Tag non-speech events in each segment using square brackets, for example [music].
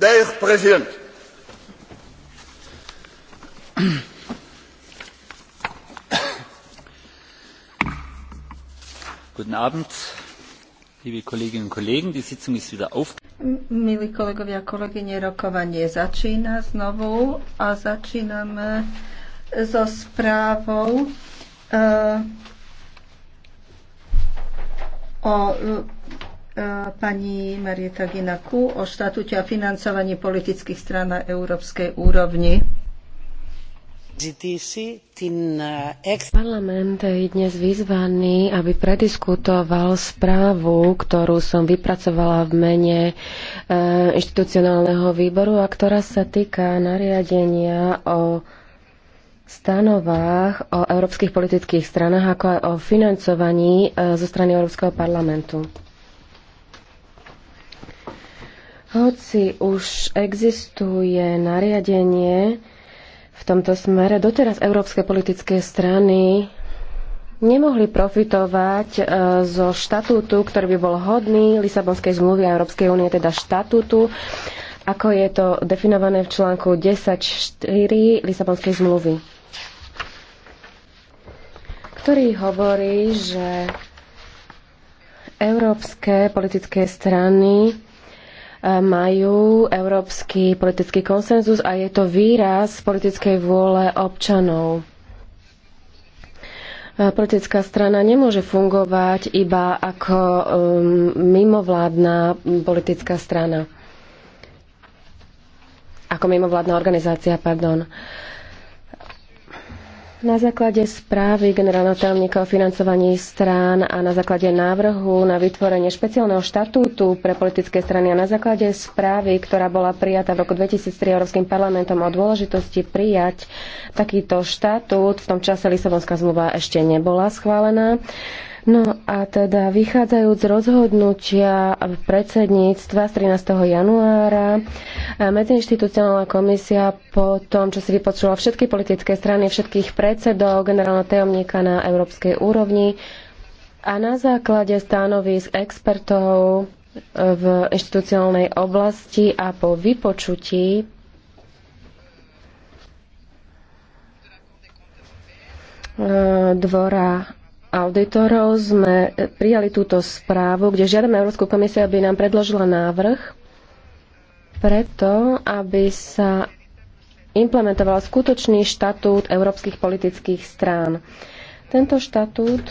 Dear President, Guten Abend, liebe Kolleginnen und Kollegen. Die Sitzung ist wieder auf. Milí kolegovia a kolegyne, rokovanie začína znovu a začíname so správou uh, o pani Marieta Ginaku o štatúte a financovaní politických strán na európskej úrovni. Parlament je dnes vyzvaný, aby prediskutoval správu, ktorú som vypracovala v mene e, inštitucionálneho výboru a ktorá sa týka nariadenia o stanovách, o európskych politických stranách, ako aj o financovaní e, zo strany Európskeho parlamentu. Hoci už existuje nariadenie v tomto smere, doteraz európske politické strany nemohli profitovať e, zo štatútu, ktorý by bol hodný Lisabonskej zmluvy a Európskej únie, teda štatútu, ako je to definované v článku 10.4 Lisabonskej zmluvy, ktorý hovorí, že európske politické strany majú európsky politický konsenzus a je to výraz politickej vôle občanov. E, politická strana nemôže fungovať iba ako um, mimovládna politická strana. Ako mimovládna organizácia, pardon. Uh, na základe správy generálneho tajomníka o financovaní strán a na základe návrhu na vytvorenie špeciálneho štatútu pre politické strany a na základe správy, ktorá bola prijatá v roku 2003 Európskym parlamentom o dôležitosti prijať takýto štatút, v tom čase Lisabonská zmluva ešte nebola schválená, No a teda vychádzajúc z rozhodnutia predsedníctva z 13. januára, eh, medziinstitucionálna komisia po tom, čo si vypočula všetky politické strany, všetkých predsedov, generálneho tajomníka na európskej úrovni a na základe stanovisk expertov eh, v inštitucionálnej oblasti a po vypočutí eh, dvora auditorov sme prijali túto správu, kde žiadame Európsku komisiu, aby nám predložila návrh preto, aby sa implementoval skutočný štatút európskych politických strán. Tento štatút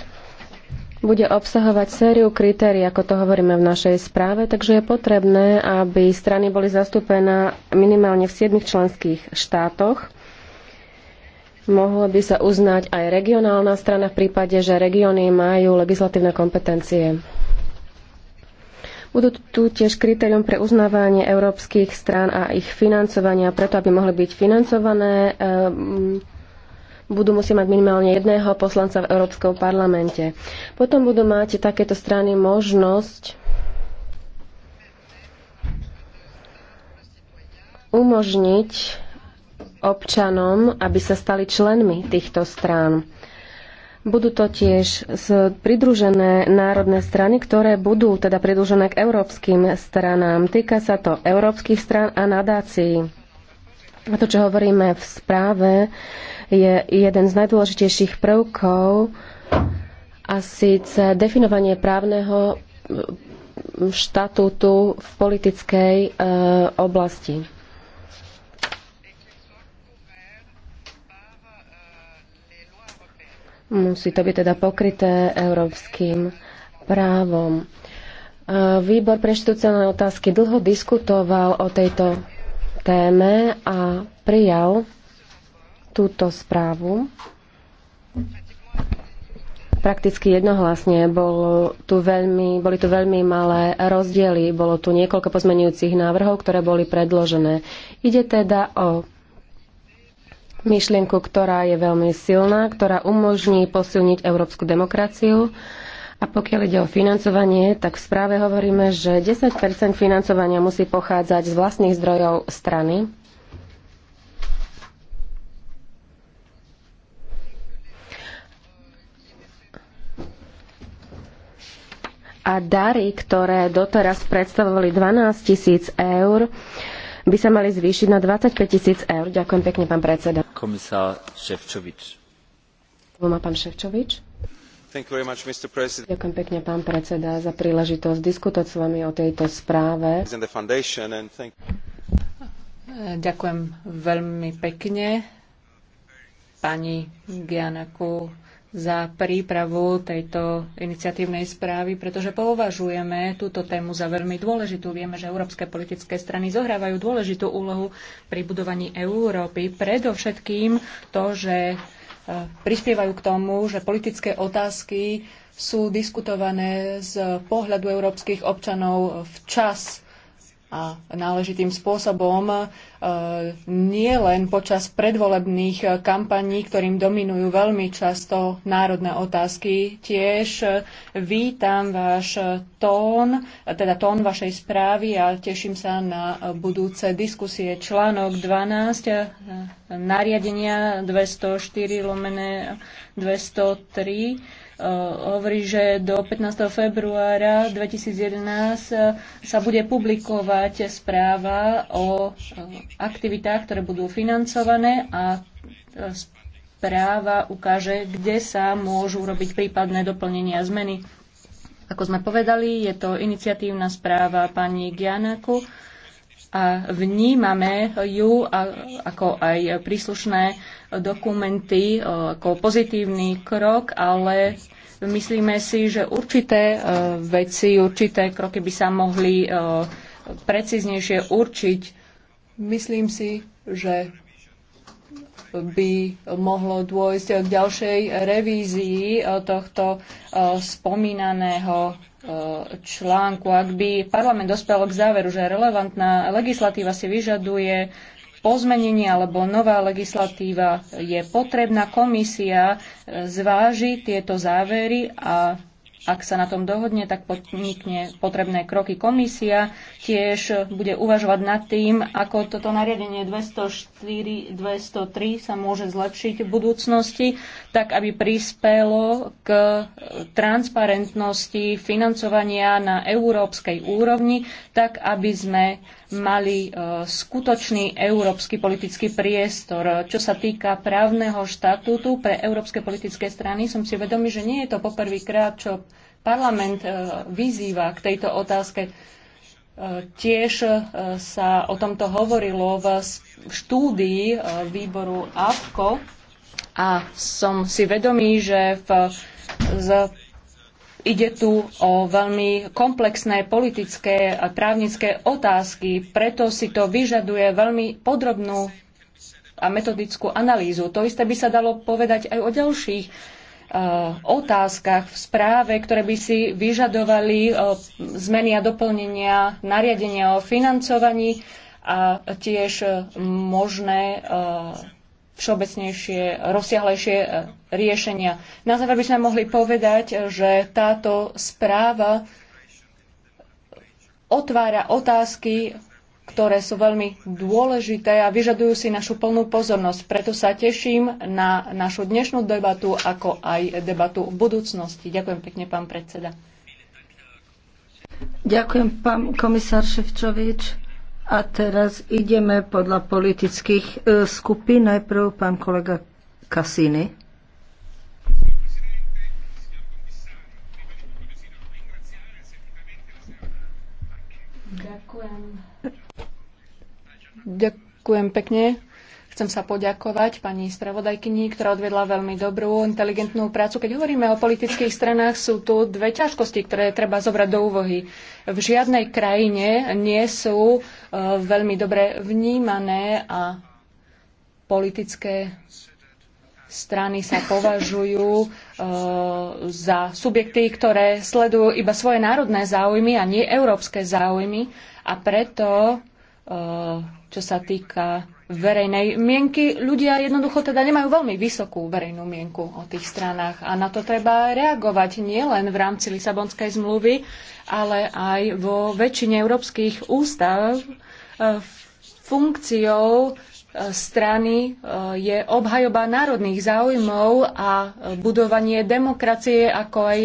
bude obsahovať sériu kritérií, ako to hovoríme v našej správe, takže je potrebné, aby strany boli zastúpené minimálne v 7 členských štátoch mohla by sa uznať aj regionálna strana v prípade, že regióny majú legislatívne kompetencie. Budú tu tiež kritérium pre uznávanie európskych strán a ich financovania, preto aby mohli byť financované, ehm, budú musieť mať minimálne jedného poslanca v Európskom parlamente. Potom budú mať takéto strany možnosť umožniť občanom, aby sa stali členmi týchto strán. Budú to tiež pridružené národné strany, ktoré budú teda pridružené k európskym stranám. Týka sa to európskych stran a nadácií. A to, čo hovoríme v správe, je jeden z najdôležitejších prvkov a síce definovanie právneho štatútu v politickej e, oblasti. Musí to byť teda pokryté európskym právom. Výbor pre štúcené otázky dlho diskutoval o tejto téme a prijal túto správu. Prakticky jednohlasne bol tu veľmi, boli tu veľmi malé rozdiely. Bolo tu niekoľko pozmenujúcich návrhov, ktoré boli predložené. Ide teda o myšlienku, ktorá je veľmi silná, ktorá umožní posilniť európsku demokraciu. A pokiaľ ide o financovanie, tak v správe hovoríme, že 10 financovania musí pochádzať z vlastných zdrojov strany. A dary, ktoré doteraz predstavovali 12 tisíc eur, by sa mali zvýšiť na 25 tisíc eur. Ďakujem pekne, pán predseda. Komisár Ševčovič. Má pán Ševčovič. Much, Ďakujem pekne, pán predseda, za príležitosť diskutovať s vami o tejto správe. Eh, ďakujem veľmi pekne pani Gianaku za prípravu tejto iniciatívnej správy, pretože považujeme túto tému za veľmi dôležitú. Vieme, že európske politické strany zohrávajú dôležitú úlohu pri budovaní Európy. Predovšetkým to, že e, prispievajú k tomu, že politické otázky sú diskutované z pohľadu európskych občanov včas a náležitým spôsobom e, nie len počas predvolebných e, kampaní, ktorým dominujú veľmi často národné otázky. Tiež e, vítam váš tón, teda tón vašej správy a teším sa na budúce diskusie. Článok 12 nariadenia 204 lomené 203 Eh, hovorí, že do 15. februára 2011 eh, sa bude publikovať správa o eh, aktivitách, ktoré budú financované a správa ukáže, kde sa môžu robiť prípadné doplnenia zmeny. Ako sme povedali, je to iniciatívna správa pani Gianaku a vnímame ju ako aj príslušné dokumenty e, ako pozitívny krok, ale myslíme si, že určité e, veci, určité kroky by sa mohli e, precíznejšie určiť. Myslím si, že by mohlo dôjsť k ďalšej revízii eh, tohto eh, spomínaného eh, článku. Ak by parlament dospel k záveru, že relevantná legislatíva si vyžaduje pozmenenie alebo nová legislatíva je potrebná, komisia zváži tieto závery a ak sa na tom dohodne, tak podnikne potrebné kroky komisia. Tiež bude uvažovať nad tým, ako toto nariadenie 204-203 sa môže zlepšiť v budúcnosti, tak aby prispelo k transparentnosti financovania na európskej úrovni, tak aby sme mali e, skutočný európsky politický priestor. Čo sa týka právneho štatútu pre európske politické strany, som si vedomý, že nie je to poprvýkrát, čo parlament e, vyzýva k tejto otázke. E, tiež sa o tomto hovorilo v štúdii výboru AFKO a som si vedomý, že v, z Ide tu o veľmi komplexné politické a právnické otázky, preto si to vyžaduje veľmi podrobnú a metodickú analýzu. To isté by sa dalo povedať aj o ďalších e, otázkach v správe, ktoré by si vyžadovali e, zmeny a doplnenia nariadenia o financovaní a tiež e, možné všeobecnejšie, rozsiahlejšie e, riešenia. Na záver by sme mohli povedať, že táto správa otvára otázky, ktoré sú veľmi dôležité a vyžadujú si našu plnú pozornosť. Preto sa teším na našu dnešnú debatu, ako aj debatu v budúcnosti. Ďakujem pekne, pán predseda. Ďakujem, pán komisár Ševčovič. A teraz ideme podľa politických e, skupín. Najprv pán kolega Cassini. Ďakujem. Ďakujem pekne. Chcem sa poďakovať pani spravodajkyni, ktorá odvedla veľmi dobrú, inteligentnú prácu. Keď hovoríme o politických stranách, sú tu dve ťažkosti, ktoré treba zobrať do úvohy. V žiadnej krajine nie sú e, veľmi dobre vnímané a politické strany sa považujú e, za subjekty, ktoré sledujú iba svoje národné záujmy a nie európske záujmy a preto Eh, čo sa týka verejnej mienky. Ľudia jednoducho teda nemajú veľmi vysokú verejnú mienku o tých stranách a na to treba reagovať nielen v rámci Lisabonskej zmluvy, ale aj vo väčšine európskych ústav eh, funkciou eh, strany je obhajoba národných záujmov a budovanie demokracie ako aj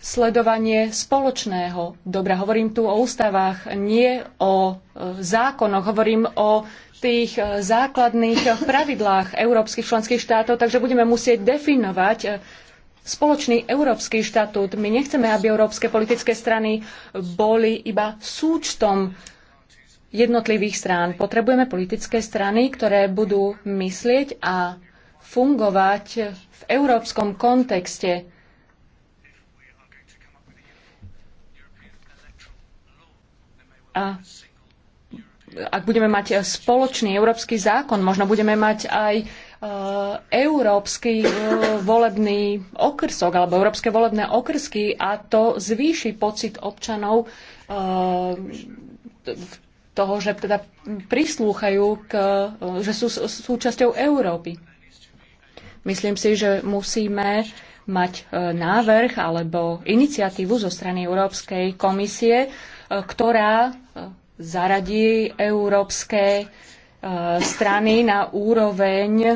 sledovanie spoločného dobra. Hovorím tu o ústavách, nie o e, zákonoch. Hovorím o tých e, základných pravidlách európskych členských štátov, takže budeme musieť definovať e, spoločný európsky štatút. My nechceme, aby európske politické strany boli iba súčtom jednotlivých strán. Potrebujeme politické strany, ktoré budú myslieť a fungovať v európskom kontexte ak budeme mať spoločný európsky zákon, možno budeme mať aj e, európsky e, volebný okrsok alebo európske volebné okrsky a to zvýši pocit občanov e, toho, že teda prislúchajú, k, že sú súčasťou Európy. Myslím si, že musíme mať návrh alebo iniciatívu zo strany Európskej komisie, ktorá e, zaradí európske e, strany na úroveň e,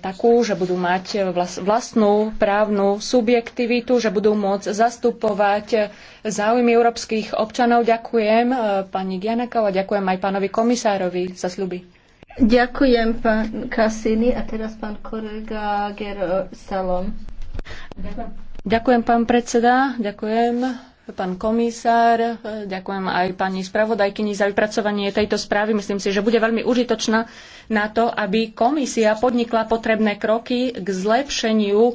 takú, že budú mať vlastnú právnu subjektivitu, že budú môcť zastupovať záujmy európskych občanov. Ďakujem pani Gianakov a ďakujem aj pánovi komisárovi za sľuby. Ďakujem pán Kasiny a teraz pán kolega Ger Salom. Ďakujem. ďakujem pán predseda, ďakujem pán komisár, ďakujem aj pani spravodajkyni za vypracovanie tejto správy. Myslím si, že bude veľmi užitočná na to, aby komisia podnikla potrebné kroky k zlepšeniu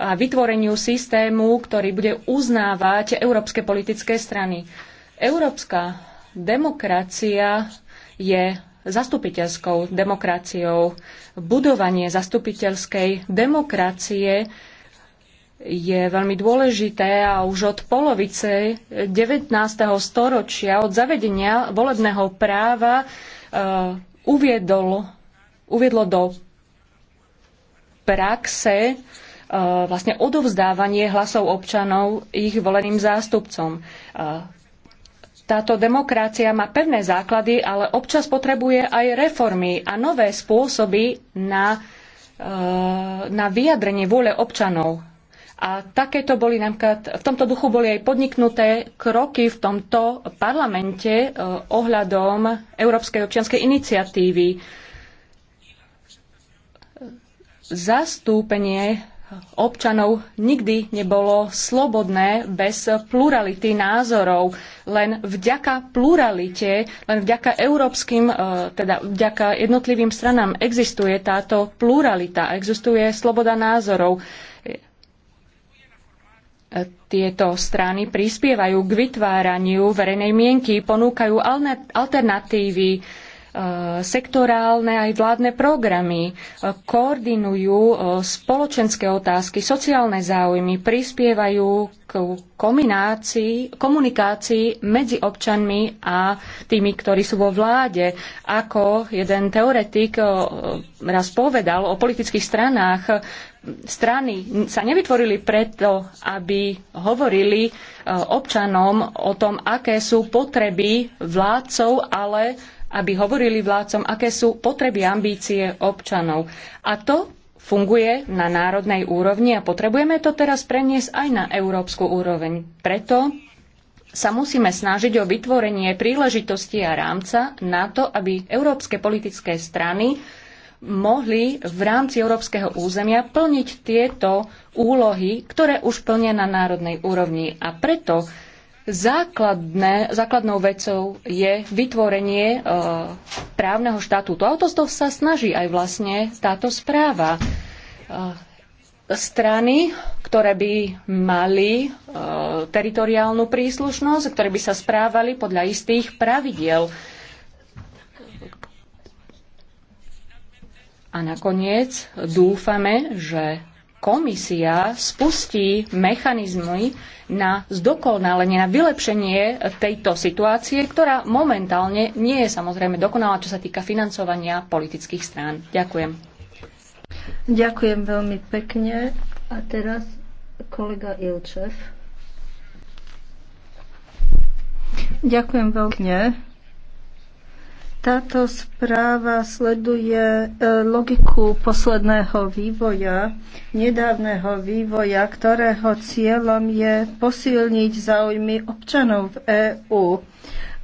a vytvoreniu systému, ktorý bude uznávať európske politické strany. Európska demokracia je zastupiteľskou demokraciou. Budovanie zastupiteľskej demokracie je veľmi dôležité a už od polovice 19. storočia, od zavedenia volebného práva uh, uviedol, uviedlo do praxe uh, vlastne odovzdávanie hlasov občanov ich voleným zástupcom. Uh, táto demokracia má pevné základy, ale občas potrebuje aj reformy a nové spôsoby na, na vyjadrenie vôle občanov a takéto boli napríklad, v tomto duchu boli aj podniknuté kroky v tomto parlamente e, ohľadom Európskej občianskej iniciatívy. Zastúpenie občanov nikdy nebolo slobodné bez plurality názorov. Len vďaka pluralite, len vďaka európskym, e, teda vďaka jednotlivým stranám existuje táto pluralita, existuje sloboda názorov tieto strany prispievajú k vytváraniu verejnej mienky, ponúkajú alternatívy, Eh, sektorálne aj vládne programy, eh, koordinujú eh, spoločenské otázky, sociálne záujmy, prispievajú k komunikácii medzi občanmi a tými, ktorí sú vo vláde. Ako jeden teoretik raz povedal o politických stranách, strany sa nevytvorili preto, aby hovorili občanom o tom, aké sú potreby vládcov, ale aby hovorili vládcom, aké sú potreby ambície občanov. A to funguje na národnej úrovni a potrebujeme to teraz preniesť aj na európsku úroveň. Preto sa musíme snažiť o vytvorenie príležitosti a rámca na to, aby európske politické strany mohli v rámci európskeho územia plniť tieto úlohy, ktoré už plnia na národnej úrovni. A preto Základné, základnou vecou je vytvorenie e, právneho štatútu. A o to sa snaží aj vlastne táto správa. E, strany, ktoré by mali e, teritoriálnu príslušnosť, ktoré by sa správali podľa istých pravidiel. A nakoniec dúfame, že komisia spustí mechanizmy na zdokonalenie, na vylepšenie tejto situácie, ktorá momentálne nie je samozrejme dokonalá, čo sa týka financovania politických strán. Ďakujem. Ďakujem veľmi pekne. A teraz kolega Ilčev. Ďakujem veľmi pekne. Táto správa sleduje e, logiku posledného vývoja, nedávneho vývoja, ktorého cieľom je posilniť záujmy občanov v EÚ.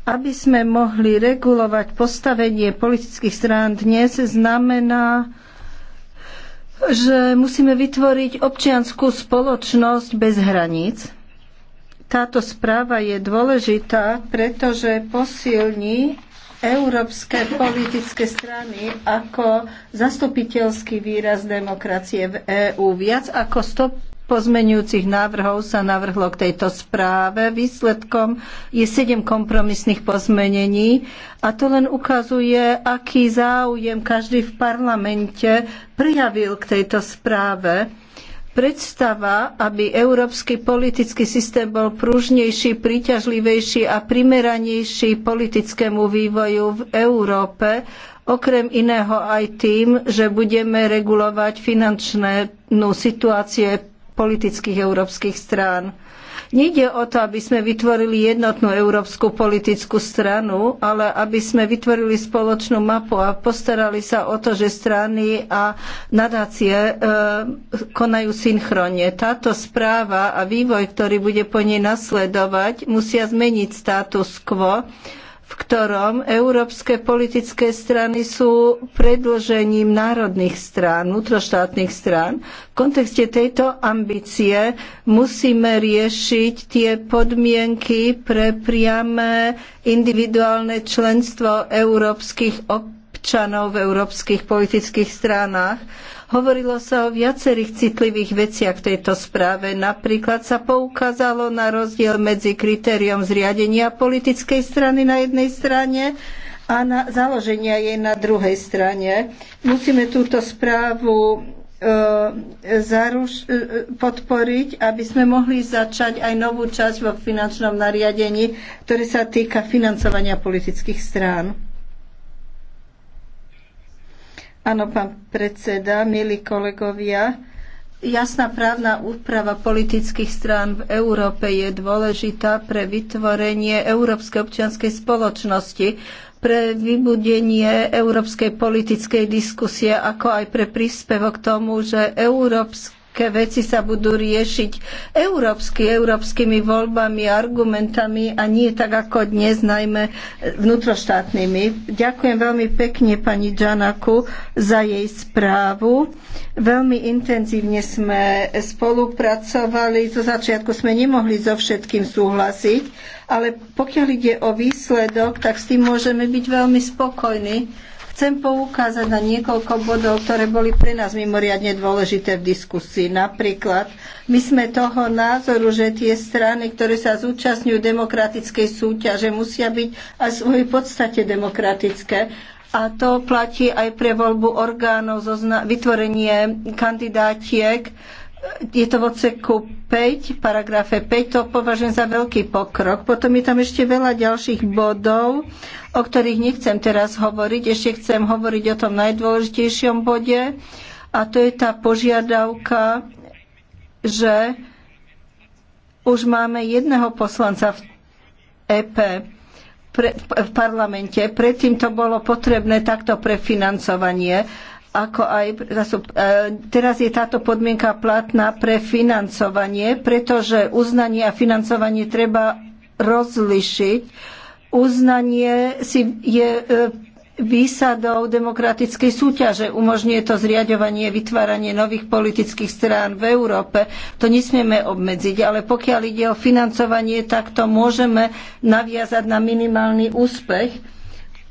Aby sme mohli regulovať postavenie politických strán dnes, znamená, že musíme vytvoriť občianskú spoločnosť bez hraníc. Táto správa je dôležitá, pretože posilní európske politické strany ako zastupiteľský výraz demokracie v EÚ. Viac ako 100 pozmenujúcich návrhov sa navrhlo k tejto správe. Výsledkom je 7 kompromisných pozmenení a to len ukazuje, aký záujem každý v parlamente prijavil k tejto správe. Predstava, aby európsky politický systém bol pružnejší, príťažlivejší a primeranejší politickému vývoju v Európe, okrem iného aj tým, že budeme regulovať finančnú situáciu politických európskych strán. Nejde o to, aby sme vytvorili jednotnú európsku politickú stranu, ale aby sme vytvorili spoločnú mapu a postarali sa o to, že strany a nadácie e, konajú synchronne. Táto správa a vývoj, ktorý bude po nej nasledovať, musia zmeniť status quo v ktorom európske politické strany sú predložením národných strán, vnútroštátnych strán. V kontexte tejto ambície musíme riešiť tie podmienky pre priame individuálne členstvo európskych občanov v európskych politických stranách. Hovorilo sa o viacerých citlivých veciach v tejto správe. Napríklad sa poukázalo na rozdiel medzi kritériom zriadenia politickej strany na jednej strane a na založenia jej na druhej strane. Musíme túto správu e, zaruš- e, podporiť, aby sme mohli začať aj novú časť vo finančnom nariadení, ktoré sa týka financovania politických strán. Áno, pán predseda, milí kolegovia, jasná právna úprava politických strán v Európe je dôležitá pre vytvorenie Európskej občianskej spoločnosti, pre vybudenie európskej politickej diskusie, ako aj pre príspevok tomu, že Európska aké veci sa budú riešiť európsky, európskymi voľbami, argumentami a nie tak ako dnes, najmä vnútroštátnymi. Ďakujem veľmi pekne pani Džanaku za jej správu. Veľmi intenzívne sme spolupracovali. Zo začiatku sme nemohli so všetkým súhlasiť, ale pokiaľ ide o výsledok, tak s tým môžeme byť veľmi spokojní Chcem poukázať na niekoľko bodov, ktoré boli pre nás mimoriadne dôležité v diskusii. Napríklad, my sme toho názoru, že tie strany, ktoré sa zúčastňujú demokratickej súťaže, musia byť aj v svojej podstate demokratické a to platí aj pre voľbu orgánov, vytvorenie kandidátiek, je to v odseku 5, paragrafe 5, to považujem za veľký pokrok. Potom je tam ešte veľa ďalších bodov, o ktorých nechcem teraz hovoriť. Ešte chcem hovoriť o tom najdôležitejšom bode a to je tá požiadavka, že už máme jedného poslanca v EP pre, v parlamente. Predtým to bolo potrebné takto pre financovanie ako aj e, teraz je táto podmienka platná pre financovanie, pretože uznanie a financovanie treba rozlišiť. Uznanie si je e, výsadou demokratickej súťaže. Umožňuje to zriadovanie, vytváranie nových politických strán v Európe. To nesmieme obmedziť, ale pokiaľ ide o financovanie, tak to môžeme naviazať na minimálny úspech.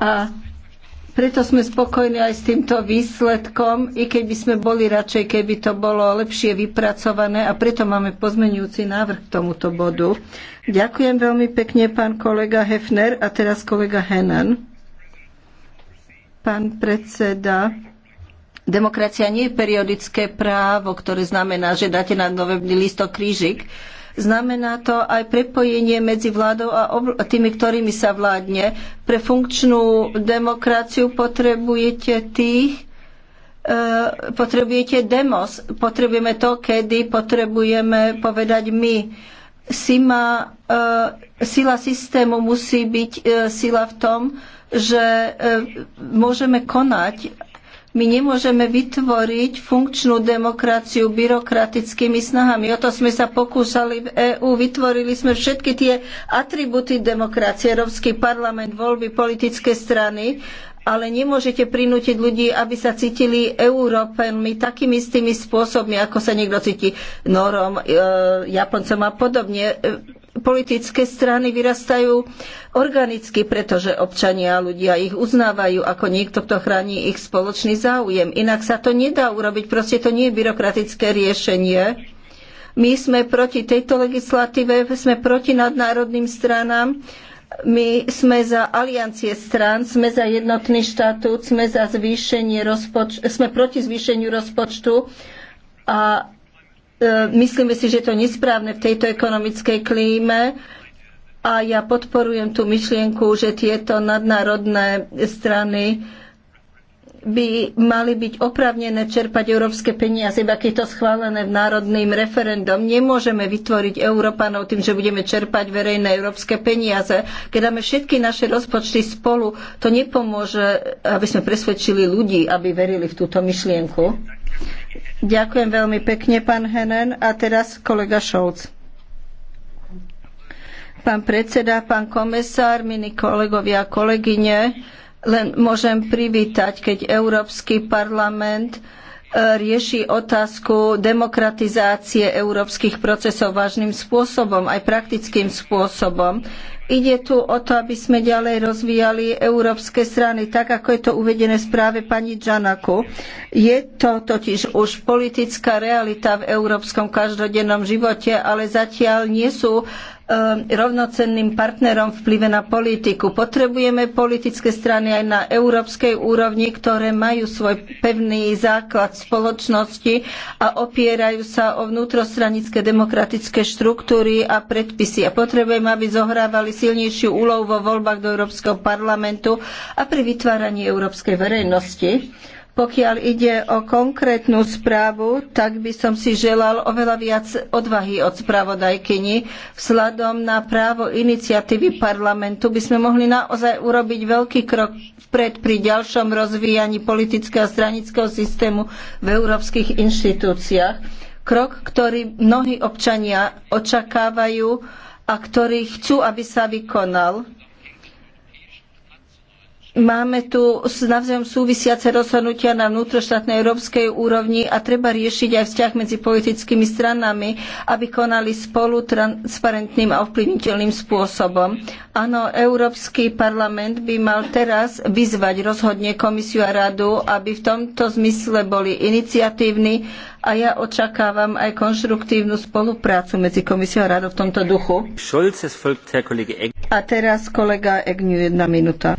A preto sme spokojní aj s týmto výsledkom, i keď by sme boli radšej, keby to bolo lepšie vypracované a preto máme pozmenujúci návrh k tomuto bodu. Ďakujem veľmi pekne, pán kolega Hefner a teraz kolega Henan. Pán predseda, demokracia nie je periodické právo, ktoré znamená, že dáte na novembný listok krížik Znamená to aj prepojenie medzi vládou a tými, ktorými sa vládne. Pre funkčnú demokraciu potrebujete tých, e, potrebujete demos, potrebujeme to, kedy potrebujeme povedať my. Sima, e, sila systému musí byť e, sila v tom, že môžeme konať my nemôžeme vytvoriť funkčnú demokraciu byrokratickými snahami. O to sme sa pokúsali v EÚ. Vytvorili sme všetky tie atributy demokracie, Európsky parlament, voľby, politické strany, ale nemôžete prinútiť ľudí, aby sa cítili Európenmi takými istými spôsobmi, ako sa niekto cíti Norom, e, Japoncom a podobne politické strany vyrastajú organicky, pretože občania a ľudia ich uznávajú ako niekto, kto chráni ich spoločný záujem. Inak sa to nedá urobiť, proste to nie je byrokratické riešenie. My sme proti tejto legislatíve, sme proti nadnárodným stranám, my sme za aliancie strán, sme za jednotný štatút, sme, za zvýšenie rozpoč- sme proti zvýšeniu rozpočtu a E, myslíme si, že to je nesprávne v tejto ekonomickej klíme a ja podporujem tú myšlienku, že tieto nadnárodné strany by mali byť oprávnené čerpať európske peniaze, iba keď to schválené v národným referendum. Nemôžeme vytvoriť Európanov tým, že budeme čerpať verejné európske peniaze. Keď dáme všetky naše rozpočty spolu, to nepomôže, aby sme presvedčili ľudí, aby verili v túto myšlienku. Ďakujem veľmi pekne, pán Henen. A teraz kolega Šolc. Pán predseda, pán komisár, milí kolegovia a kolegyne, len môžem privítať, keď Európsky parlament rieši otázku demokratizácie európskych procesov vážnym spôsobom, aj praktickým spôsobom. Ide tu o to, aby sme ďalej rozvíjali európske strany, tak ako je to uvedené v správe pani Džanaku. Je to totiž už politická realita v európskom každodennom živote, ale zatiaľ nie sú Ehm, rovnocenným partnerom vplyve na politiku. Potrebujeme politické strany aj na európskej úrovni, ktoré majú svoj pevný základ spoločnosti a opierajú sa o vnútrostranické demokratické štruktúry a predpisy. A potrebujeme, aby zohrávali silnejšiu úlohu vo voľbách do Európskeho parlamentu a pri vytváraní európskej verejnosti. Pokiaľ ide o konkrétnu správu, tak by som si želal oveľa viac odvahy od spravodajkyni. Vzhľadom na právo iniciatívy parlamentu by sme mohli naozaj urobiť veľký krok vpred pri ďalšom rozvíjaní politického a stranického systému v európskych inštitúciách. Krok, ktorý mnohí občania očakávajú a ktorí chcú, aby sa vykonal Máme tu navzájom súvisiace rozhodnutia na vnútroštátnej európskej úrovni a treba riešiť aj vzťah medzi politickými stranami, aby konali spolu transparentným a ovplyvniteľným spôsobom. Áno, Európsky parlament by mal teraz vyzvať rozhodne komisiu a radu, aby v tomto zmysle boli iniciatívni a ja očakávam aj konštruktívnu spoluprácu medzi komisiou a radou v tomto duchu. A teraz kolega Egnu, jedna minúta.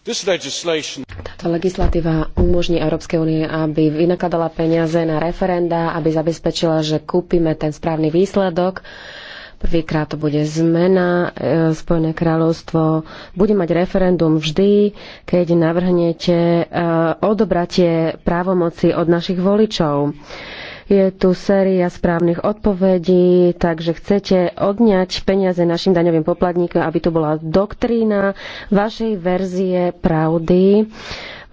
Táto legislatíva umožní Európskej únie, aby vynakladala peniaze na referenda, aby zabezpečila, že kúpime ten správny výsledok. Prvýkrát to bude zmena. E, Spojené kráľovstvo bude mať referendum vždy, keď navrhnete e, odobratie právomoci od našich voličov. Je tu séria správnych odpovedí, takže chcete odňať peniaze našim daňovým poplatníkom, aby to bola doktrína vašej verzie pravdy.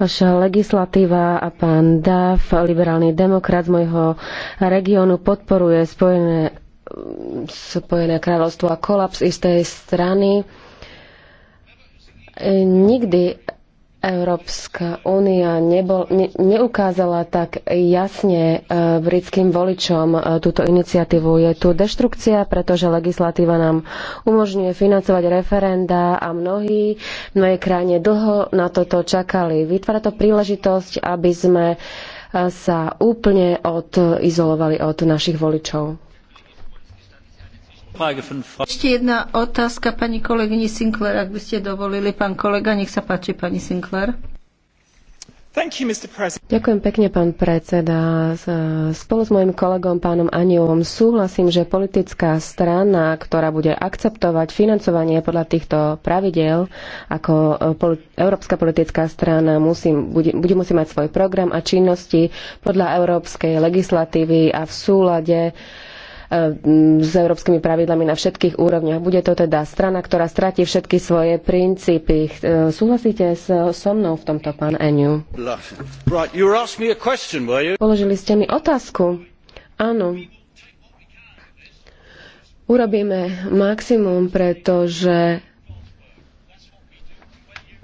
Vaša legislatíva a pán Dav, liberálny demokrat z mojho regiónu, podporuje Spojené, Spojené kráľovstvo a kolaps istej strany. Nikdy Európska únia ne, neukázala tak jasne e, britským voličom e, túto iniciatívu. Je tu deštrukcia, pretože legislatíva nám umožňuje financovať referenda a mnohí v mojej krajine dlho na toto čakali. Vytvára to príležitosť, aby sme e, sa úplne odizolovali od našich voličov. Ešte jedna otázka pani kolegyni Sinclair, ak by ste dovolili. Pán kolega, nech sa páči, pani Sinclair. Ďakujem pekne, pán predseda. Spolu s mojim kolegom, pánom Anielom, súhlasím, že politická strana, ktorá bude akceptovať financovanie podľa týchto pravidel, ako e, poli- Európska politická strana musí, bude, bude musí mať svoj program a činnosti podľa európskej legislatívy a v súlade E, s európskymi pravidlami na všetkých úrovniach. Bude to teda strana, ktorá stratí všetky svoje princípy. E, súhlasíte so mnou v tomto, pán Eniu? Položili ste mi otázku. Áno. Urobíme maximum, pretože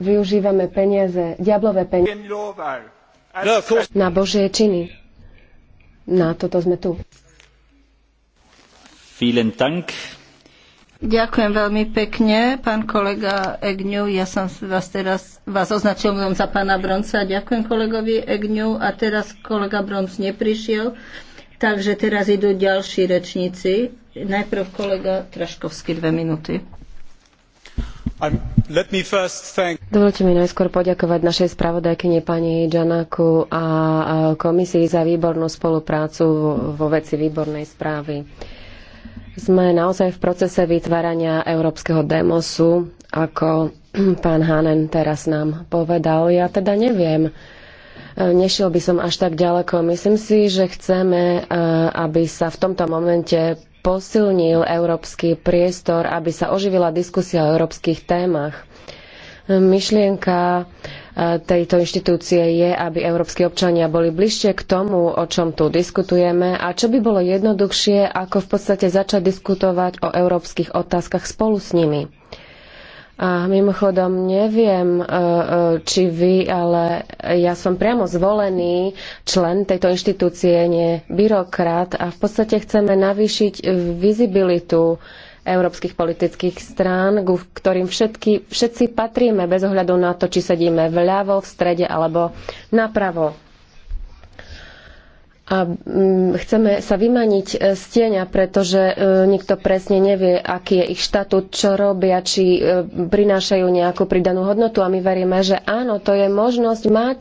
využívame peniaze, diablové peniaze no, na Božie činy. Na toto sme tu. Ďakujem veľmi pekne, pán kolega Egňu. Ja som vás teraz vás označil za pána Bronca. Ďakujem kolegovi Egňu a teraz kolega Bronc neprišiel. Takže teraz idú ďalší rečníci. Najprv kolega Traškovský, dve minúty. Dovolte mi najskôr poďakovať našej spravodajkyni pani Janaku a komisii za výbornú spoluprácu vo veci výbornej správy. Sme naozaj v procese vytvárania európskeho demosu, ako [clears throat] pán Hanen teraz nám povedal. Ja teda neviem, nešiel by som až tak ďaleko. Myslím si, že chceme, eh, aby sa v tomto momente posilnil európsky priestor, aby sa oživila diskusia o európskych témach. Myšlienka tejto inštitúcie je, aby európsky občania boli bližšie k tomu, o čom tu diskutujeme a čo by bolo jednoduchšie, ako v podstate začať diskutovať o európskych otázkach spolu s nimi. A mimochodom, neviem, e, e, či vy, ale ja som priamo zvolený člen tejto inštitúcie, nie byrokrat a v podstate chceme navýšiť vizibilitu európskych politických strán, ku ktorým všetky, všetci patríme bez ohľadu na to, či sedíme vľavo, v strede alebo napravo. A mm, chceme sa vymaniť e, z tieňa, pretože e, nikto presne nevie, aký je ich štatút, čo robia, či e, prinášajú nejakú pridanú hodnotu. A my veríme, že áno, to je možnosť mať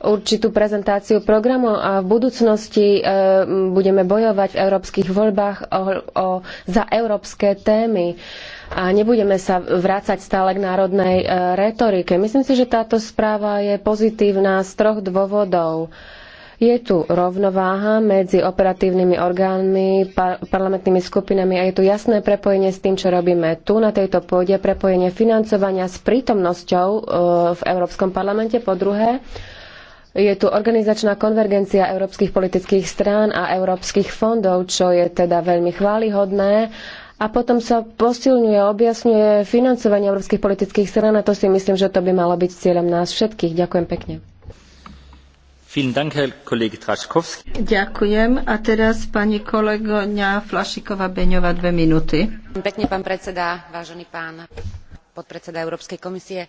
určitú prezentáciu programu a v budúcnosti e, budeme bojovať v európskych voľbách o, o, za európske témy a nebudeme sa vrácať stále k národnej e, retorike. Myslím si, že táto správa je pozitívna z troch dôvodov. Je tu rovnováha medzi operatívnymi orgánmi, par- parlamentnými skupinami a je tu jasné prepojenie s tým, čo robíme tu na tejto pôde, prepojenie financovania s prítomnosťou e, v Európskom parlamente. Po druhé, je tu organizačná konvergencia európskych politických strán a európskych fondov, čo je teda veľmi chválihodné. A potom sa posilňuje, objasňuje financovanie európskych politických strán a to si myslím, že to by malo byť cieľom nás všetkých. Ďakujem pekne. Ďakujem. A teraz pani kolegoňa Flašiková Beňová dve minúty. Pekne, pán predseda, vážený pán podpredseda Európskej komisie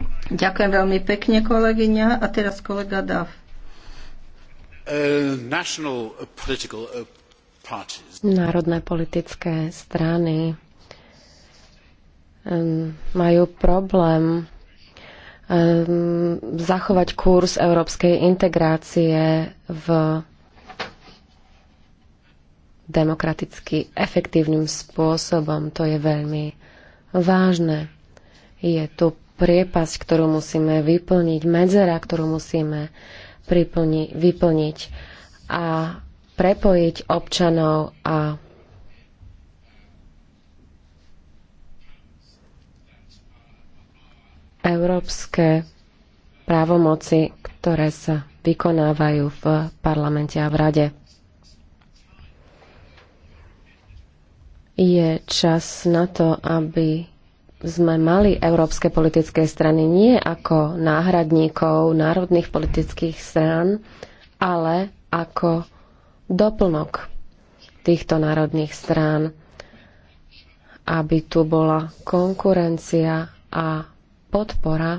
Ďakujem veľmi pekne, kolegyňa. A teraz kolega Dav. Uh, uh, Národné politické strany um, majú problém um, zachovať kurz európskej integrácie v demokraticky efektívnym spôsobom. To je veľmi vážne. Je tu priepasť, ktorú musíme vyplniť, medzera, ktorú musíme priplni, vyplniť a prepojiť občanov a európske právomoci, ktoré sa vykonávajú v parlamente a v rade. Je čas na to, aby sme mali európske politické strany nie ako náhradníkov národných politických strán, ale ako doplnok týchto národných strán, aby tu bola konkurencia a podpora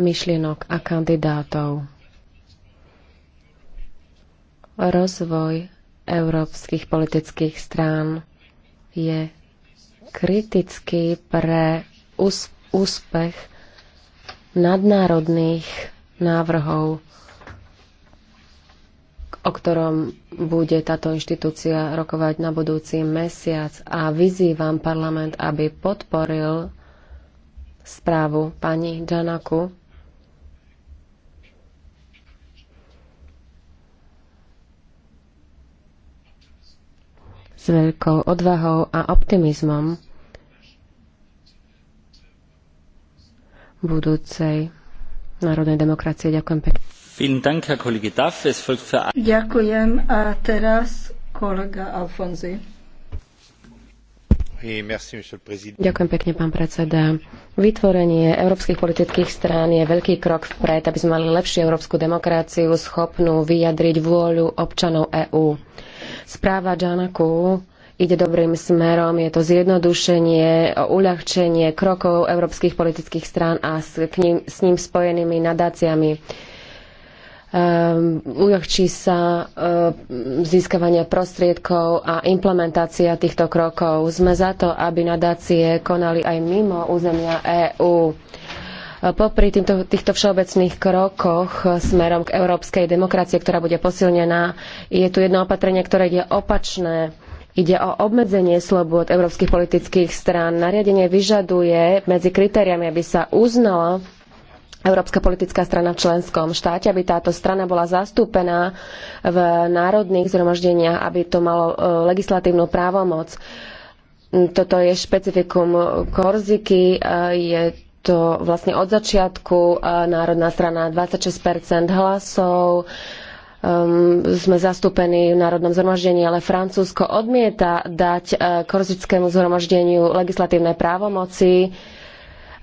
myšlienok a kandidátov. Rozvoj európskych politických strán je kritický pre úspech nadnárodných návrhov, o ktorom bude táto inštitúcia rokovať na budúci mesiac a vyzývam parlament, aby podporil správu pani Janaku s veľkou odvahou a optimizmom budúcej národnej demokracie. Ďakujem pekne. Ďakujem a teraz kolega Alfonzi. Ďakujem pekne, pán predseda. Vytvorenie európskych politických strán je veľký krok vpred, aby sme mali lepšiu európsku demokraciu, schopnú vyjadriť vôľu občanov EÚ. Správa Janaku ide dobrým smerom, je to zjednodušenie, uľahčenie krokov európskych politických strán a s, k ním, s ním spojenými nadáciami. Um, uľahčí sa um, získavanie prostriedkov a implementácia týchto krokov. Sme za to, aby nadácie konali aj mimo územia EÚ. Popri týmto, týchto všeobecných krokoch smerom k európskej demokracie, ktorá bude posilnená, je tu jedno opatrenie, ktoré je opačné. Ide o obmedzenie slobod európskych politických strán. Nariadenie vyžaduje medzi kritériami, aby sa uznala Európska politická strana v členskom štáte, aby táto strana bola zastúpená v národných zhromaždeniach, aby to malo e, legislatívnu právomoc. Toto je špecifikum Korziky, e, je to vlastne od začiatku e, Národná strana 26 hlasov. Um, sme zastúpení v Národnom zhromaždení, ale Francúzsko odmieta dať uh, korzickému zhromaždeniu legislatívne právomoci.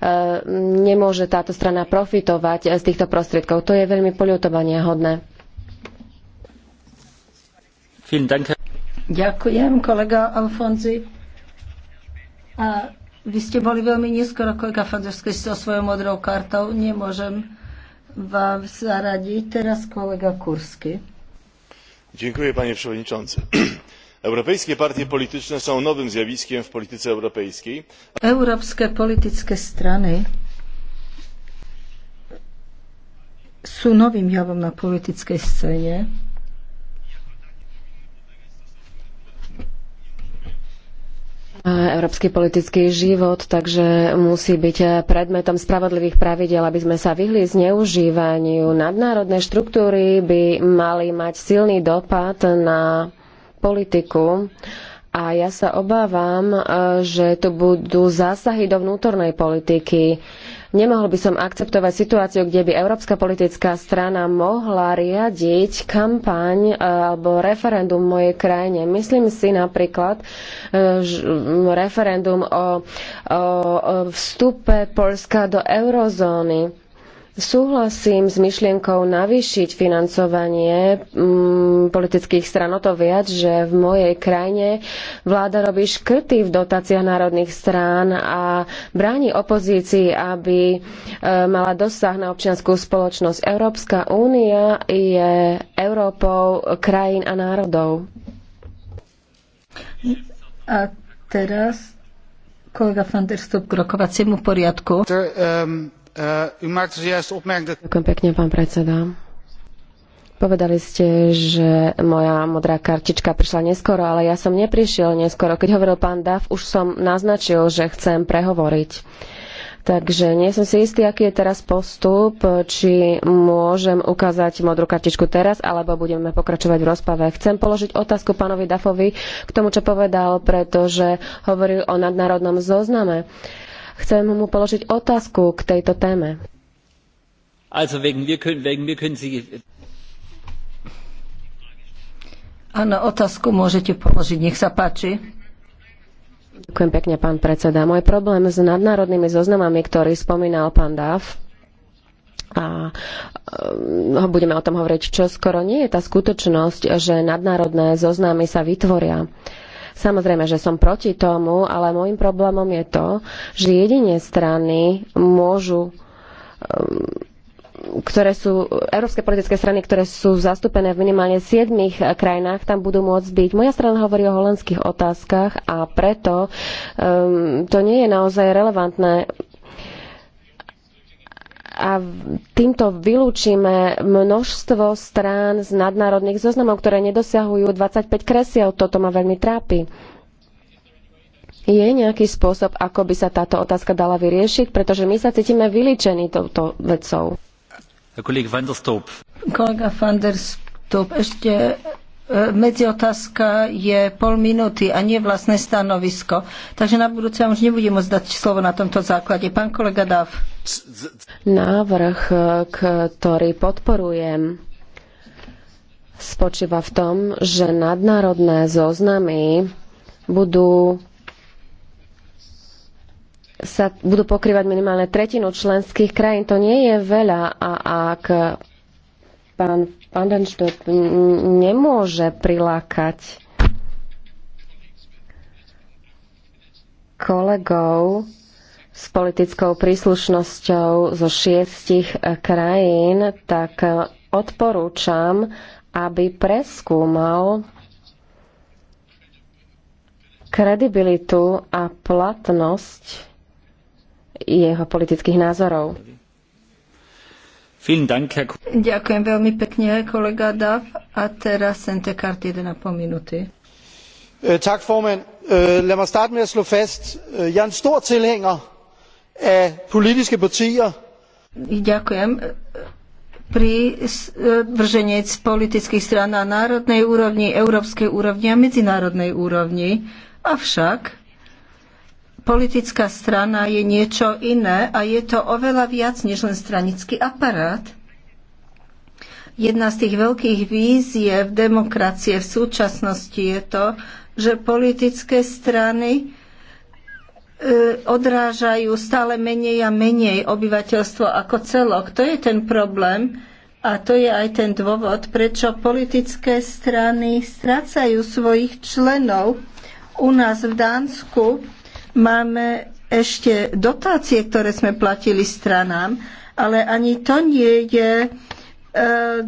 Uh, nemôže táto strana profitovať z týchto prostriedkov. To je veľmi poľutovania hodné. Ďakujem, kolega Alfonzi. Vy ste boli veľmi neskoro, kolega Fadovský, so svojou modrou kartou. Nemôžem vám zaradiť. Teraz kolega Kursky. Dziękuję, panie przewodniczący. [clears throat] Europejskie partie polityczne są nowym zjawiskiem w polityce europejskiej. Europejskie polityczne strany są nowym javom na politycznej scenie. európsky politický život, takže musí byť predmetom spravodlivých pravidel, aby sme sa vyhli zneužívaniu. Nadnárodné štruktúry by mali mať silný dopad na politiku a ja sa obávam, že tu budú zásahy do vnútornej politiky Nemohol by som akceptovať situáciu, kde by Európska politická strana mohla riadiť kampaň e, alebo referendum v mojej krajine. Myslím si napríklad e, referendum o, o vstupe Polska do eurozóny Súhlasím s myšlienkou navýšiť financovanie mm, politických stran o to viac, že v mojej krajine vláda robí škrty v dotáciách národných strán a bráni opozícii, aby e, mala dosah na občianskú spoločnosť. Európska únia je Európou krajín a národov. A teraz kolega van Stup k rokovaciemu poriadku. To, um... Eh, Ďakujem pekne, pán predseda. Povedali ste, že moja modrá kartička prišla neskoro, ale ja som neprišiel neskoro. Keď hovoril pán Dav, už som naznačil, že chcem prehovoriť. Takže nie som si istý, aký je teraz postup, či môžem ukázať modrú kartičku teraz, alebo budeme pokračovať v rozpave. Chcem položiť otázku pánovi Dafovi k tomu, čo povedal, pretože hovoril o nadnárodnom zozname. Uh, Chcem mu položiť otázku k tejto téme. Also wegen wir können, wegen wir können Sie... Áno, otázku môžete položiť, nech sa páči. Ďakujem pekne, pán predseda. Môj problém s nadnárodnými zoznamami, ktorý spomínal pán Dáv, a e, budeme o tom hovoriť čoskoro, nie je tá skutočnosť, že nadnárodné zoznamy sa vytvoria Samozrejme, že som proti tomu, ale môjim problémom je to, že jedine strany môžu um, ktoré sú, európske politické strany, ktoré sú zastúpené v minimálne siedmých krajinách, tam budú môcť byť. Moja strana hovorí o holandských otázkach a preto um, to nie je naozaj relevantné a týmto vylúčime množstvo strán z nadnárodných zoznamov, ktoré nedosiahujú 25 kresiel. Toto ma veľmi trápi. Je nejaký spôsob, ako by sa táto otázka dala vyriešiť, pretože my sa cítime vyličení touto vecou. Kolega van der ešte E, medziotázka je pol minúty a nie vlastné stanovisko. Takže na budúce vám už nebudem môcť dať slovo na tomto základe. Pán kolega Dav. Návrh, e, ktorý podporujem, spočíva v tom, že nadnárodné zoznamy budú sa budú pokrývať minimálne tretinu členských krajín. To nie je veľa a ak pán Pán Danštop nemôže prilákať kolegov s politickou príslušnosťou zo šiestich e, krajín, tak e, odporúčam, aby preskúmal kredibilitu a platnosť jeho politických názorov. Ďakujem veľmi pekne, kolega Dav. A teraz sem Sente Kart 1,5 minúty. Eh, tak, formand. Eh, lad mig starte med at slå fast, eh, jeg er en stor tilhænger af politiske partier. Ďakujem. Pri vrženec politických stran na národnej úrovni, európskej úrovni a medzinárodnej úrovni. Avšak politická strana je niečo iné a je to oveľa viac než len stranický aparát. Jedna z tých veľkých víziev demokracie v súčasnosti je to, že politické strany e, odrážajú stále menej a menej obyvateľstvo ako celok. To je ten problém a to je aj ten dôvod, prečo politické strany strácajú svojich členov. U nás v Dánsku Máme ešte dotácie, ktoré sme platili stranám, ale ani to nie je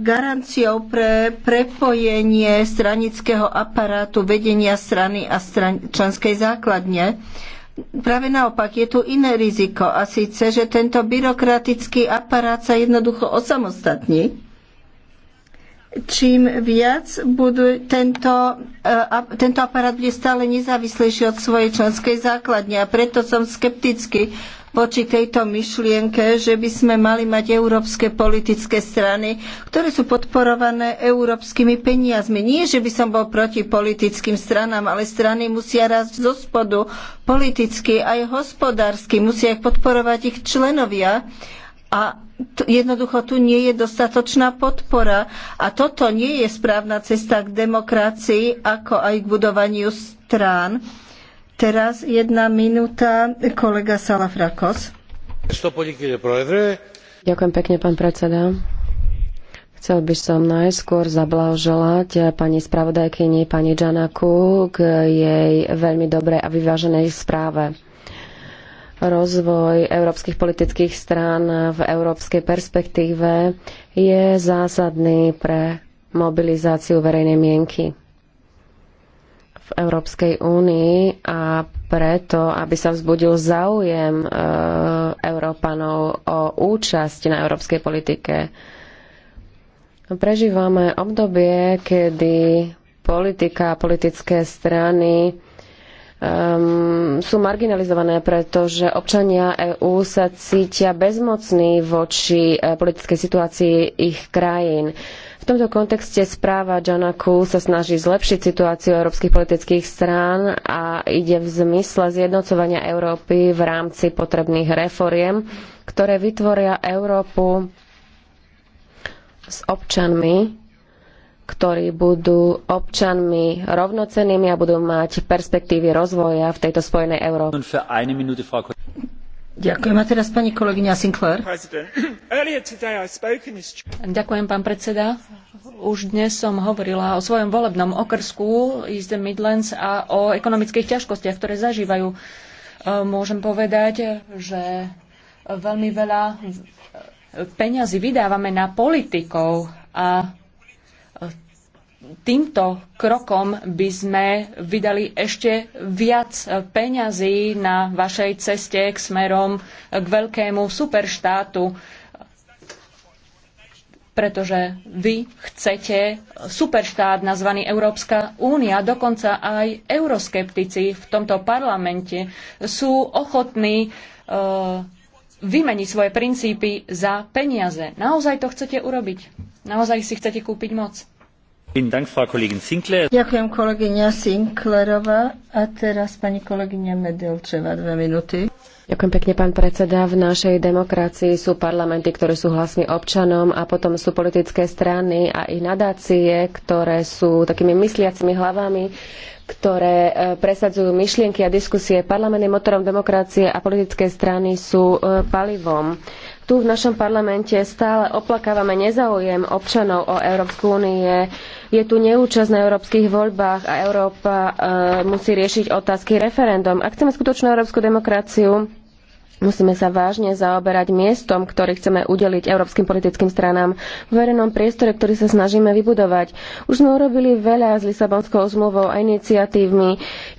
garanciou pre prepojenie stranického aparátu vedenia strany a stran- členskej základne. Práve naopak, je tu iné riziko a síce, že tento byrokratický aparát sa jednoducho osamostatní čím viac budú tento, e, tento aparát bude stále nezávislejší od svojej členskej základne. A preto som skeptický voči tejto myšlienke, že by sme mali mať európske politické strany, ktoré sú podporované európskymi peniazmi. Nie, že by som bol proti politickým stranám, ale strany musia rásť zo spodu politicky aj hospodársky, musia ich podporovať ich členovia. A jednoducho tu nie je dostatočná podpora. A toto nie je správna cesta k demokracii, ako aj k budovaniu strán. Teraz jedna minúta, kolega Salafrakos. Ďakujem pekne, pán predseda. Chcel by som najskôr zablahoželať eh, pani spravodajkyni, pani Džanaku, k jej veľmi dobrej a vyváženej správe rozvoj európskych politických strán v európskej perspektíve je zásadný pre mobilizáciu verejnej mienky v Európskej únii a preto, aby sa vzbudil záujem e, Európanov o účasť na európskej politike. Prežívame obdobie, kedy politika a politické strany um, sú marginalizované, pretože občania EÚ sa cítia bezmocní voči e, politickej situácii ich krajín. V tomto kontexte správa Johna Ku sa snaží zlepšiť situáciu európskych politických strán a ide v zmysle zjednocovania Európy v rámci potrebných reforiem, ktoré vytvoria Európu s občanmi, ktorí budú občanmi rovnocennými a budú mať perspektívy rozvoja v tejto spojenej Európe. Ďakujem. A teraz pani kolegyňa Sinclair. Ďakujem, pán predseda. Už dnes som hovorila o svojom volebnom okrsku East Midlands a o ekonomických ťažkostiach, ktoré zažívajú. E, môžem povedať, že veľmi veľa peňazí vydávame na politikov a týmto krokom by sme vydali ešte viac peňazí na vašej ceste k smerom k veľkému superštátu, pretože vy chcete superštát nazvaný Európska únia, dokonca aj euroskeptici v tomto parlamente sú ochotní e, vymeniť svoje princípy za peniaze. Naozaj to chcete urobiť? Naozaj si chcete kúpiť moc. Ďakujem kolegyňa Sinklerová a teraz pani kolegyňa Medelčeva dve minúty. Ďakujem pekne, pán predseda. V našej demokracii sú parlamenty, ktoré sú hlasmi občanom a potom sú politické strany a ich nadácie, ktoré sú takými mysliacimi hlavami, ktoré e, presadzujú myšlienky a diskusie. Parlament je motorom demokracie a politické strany sú e, palivom tu v našom parlamente stále oplakávame nezáujem občanov o Európsku únie. Je tu neúčasť na európskych voľbách a Európa e, musí riešiť otázky referendum. Ak chceme skutočnú európsku demokraciu, Musíme sa vážne zaoberať miestom, ktoré chceme udeliť európskym politickým stranám v verejnom priestore, ktorý sa snažíme vybudovať. Už sme urobili veľa s Lisabonskou zmluvou a iniciatívmi,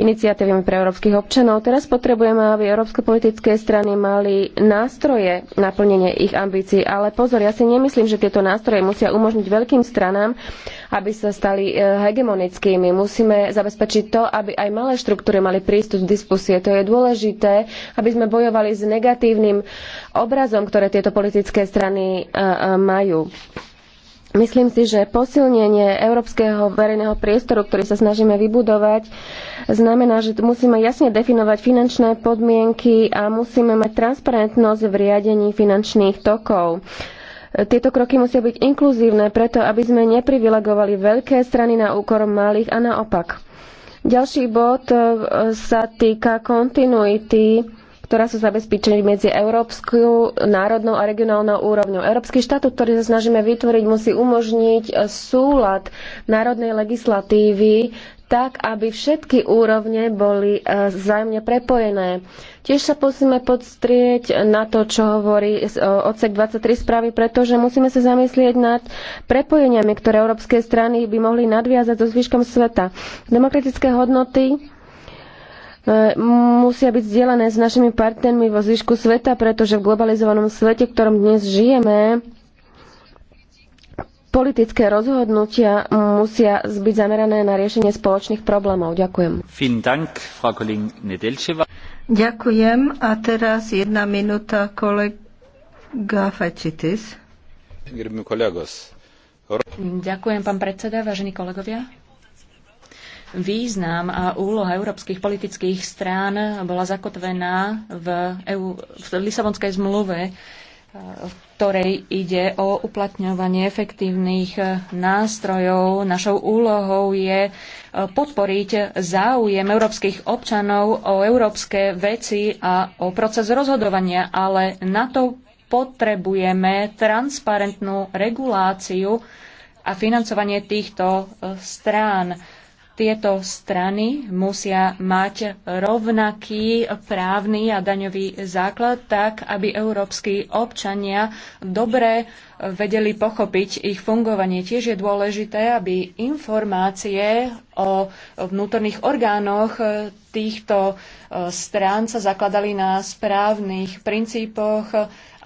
iniciatívami pre európskych občanov. Teraz potrebujeme, aby európske politické strany mali nástroje na plnenie ich ambícií. Ale pozor, ja si nemyslím, že tieto nástroje musia umožniť veľkým stranám, aby sa stali e, hegemonickými. Musíme zabezpečiť to, aby aj malé štruktúry mali prístup k diskusie. To je dôležité, aby sme bojovali s negatívnym obrazom, ktoré tieto politické strany e, e, majú. Myslím si, že posilnenie európskeho verejného priestoru, ktorý sa snažíme vybudovať, znamená, že musíme jasne definovať finančné podmienky a musíme mať transparentnosť v riadení finančných tokov. Tieto kroky musia byť inkluzívne, preto aby sme neprivilegovali veľké strany na úkor malých a naopak. Ďalší bod e, sa týka kontinuity ktorá sú zabezpečené medzi európskou, národnou a regionálnou úrovňou. Európsky štát, ktorý sa snažíme vytvoriť, musí umožniť súlad národnej legislatívy tak, aby všetky úrovne boli e, vzájomne prepojené. Tiež sa musíme podstrieť na to, čo hovorí e, odsek 23 správy, pretože musíme sa zamyslieť nad prepojeniami, ktoré európske strany by mohli nadviazať so zvyškom sveta. Demokratické hodnoty E, musia byť zdieľané s našimi partnermi vo zvyšku sveta, pretože v globalizovanom svete, v ktorom dnes žijeme, politické rozhodnutia musia byť zamerané na riešenie spoločných problémov. Ďakujem. Ďakujem. A teraz jedna minúta kolega Fajčitis. Ďakujem, pán predseda, vážení kolegovia význam a úloha európskych politických strán bola zakotvená v, EU, v Lisabonskej zmluve, eh, v ktorej ide o uplatňovanie efektívnych eh, nástrojov. Našou úlohou je eh, podporiť záujem európskych občanov o európske veci a o proces rozhodovania, ale na to potrebujeme transparentnú reguláciu a financovanie týchto strán tieto strany musia mať rovnaký právny a daňový základ, tak aby európsky občania dobre vedeli pochopiť ich fungovanie. Tiež je dôležité, aby informácie o vnútorných orgánoch týchto e, strán sa zakladali na správnych princípoch,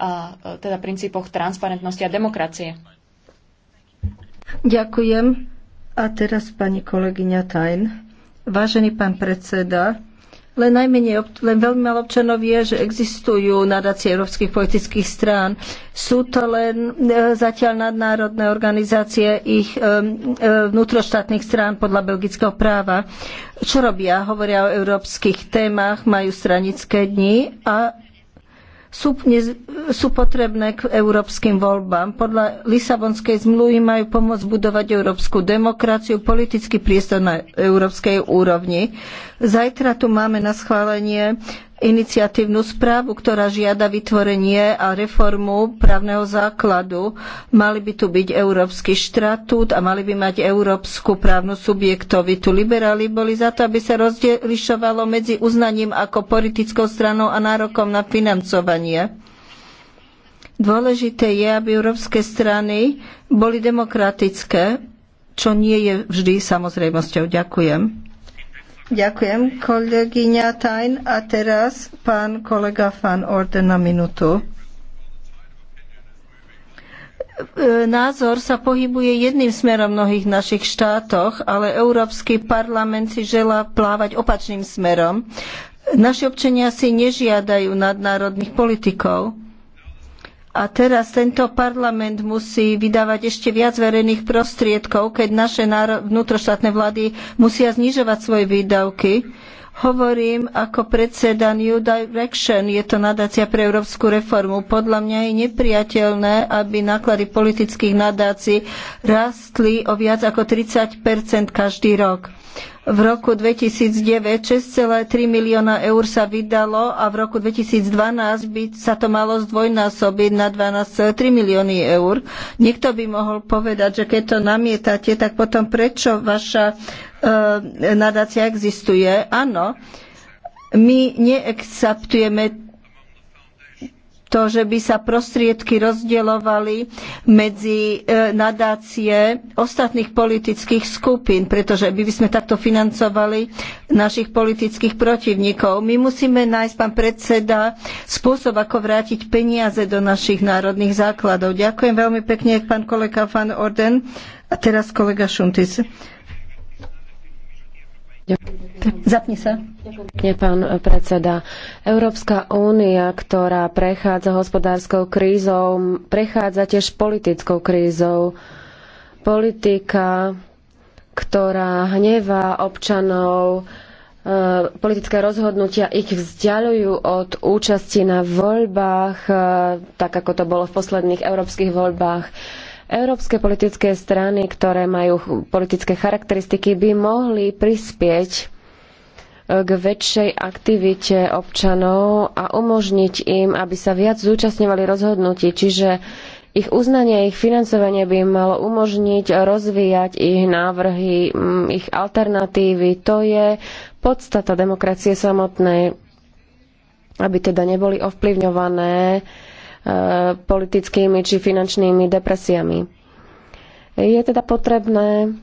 a e, teda princípoch transparentnosti a demokracie. Ďakujem. A teraz pani kolegyňa Tajn. Vážený pán predseda, len, najmenej, len veľmi malo občanov vie, že existujú nadácie európskych politických strán. Sú to len e, zatiaľ nadnárodné organizácie ich e, e vnútroštátnych strán podľa belgického práva. Čo robia? Hovoria o európskych témach, majú stranické dni a sú, sú potrebné k európskym voľbám. Podľa Lisabonskej zmluvy majú pomôcť budovať európsku demokraciu, politický priestor na európskej úrovni. Zajtra tu máme na schválenie iniciatívnu správu, ktorá žiada vytvorenie a reformu právneho základu. Mali by tu byť Európsky štatút a mali by mať Európsku právnu subjektovitu. Liberáli boli za to, aby sa rozlišovalo medzi uznaním ako politickou stranou a nárokom na financovanie. Dôležité je, aby európske strany boli demokratické, čo nie je vždy samozrejmosťou. Ďakujem. Ďakujem, kolegyňa Tajn. A teraz pán kolega Fan Orden na minútu. E, názor sa pohybuje jedným smerom v mnohých našich štátoch, ale Európsky parlament si želá plávať opačným smerom. Naši občania si nežiadajú nadnárodných politikov a teraz tento parlament musí vydávať ešte viac verejných prostriedkov, keď naše vnútroštátne vlády musia znižovať svoje výdavky. Hovorím ako predseda New Direction, je to nadácia pre európsku reformu. Podľa mňa je neprijateľné, aby náklady politických nadácií rastli o viac ako 30 každý rok. V roku 2009 6,3 milióna eur sa vydalo a v roku 2012 by sa to malo zdvojnásobiť na 12,3 milióny eur. Niekto by mohol povedať, že keď to namietate, tak potom prečo vaša e, nadácia existuje? Áno, my neakceptujeme to, že by sa prostriedky rozdielovali medzi e, nadácie ostatných politických skupín, pretože by sme takto financovali našich politických protivníkov. My musíme nájsť, pán predseda, spôsob, ako vrátiť peniaze do našich národných základov. Ďakujem veľmi pekne, pán kolega Van Orden. A teraz kolega Šuntis. Zapni sa. Ďakujem, pán predseda. Európska únia, ktorá prechádza hospodárskou krízou, prechádza tiež politickou krízou. Politika, ktorá hnevá občanov, e, politické rozhodnutia ich vzdialujú od účasti na voľbách, e, tak ako to bolo v posledných európskych voľbách. Európske politické strany, ktoré majú politické charakteristiky, by mohli prispieť e, k väčšej aktivite občanov a umožniť im, aby sa viac zúčastňovali rozhodnutí. Čiže ich uznanie, ich financovanie by malo umožniť rozvíjať ich návrhy, ich alternatívy. To je podstata demokracie samotnej, aby teda neboli ovplyvňované Eh, politickými či finančnými depresiami. Je teda potrebné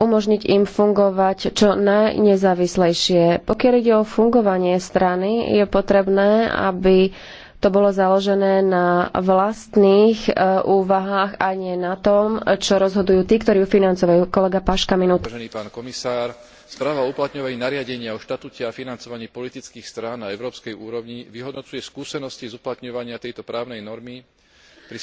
umožniť im fungovať čo najnezávislejšie. Pokiaľ ide o fungovanie strany, je potrebné, aby to bolo založené na vlastných e, úvahách a nie na tom, čo rozhodujú tí, ktorí ju financovajú. Kolega Paška, minút. Vážený pán komisár, správa o uplatňovaní nariadenia o štatúte a financovaní politických strán na európskej úrovni vyhodnocuje skúsenosti z uplatňovania tejto právnej normy pri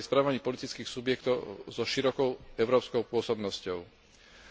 správaní e, politických subjektov so širokou európskou pôsobnosťou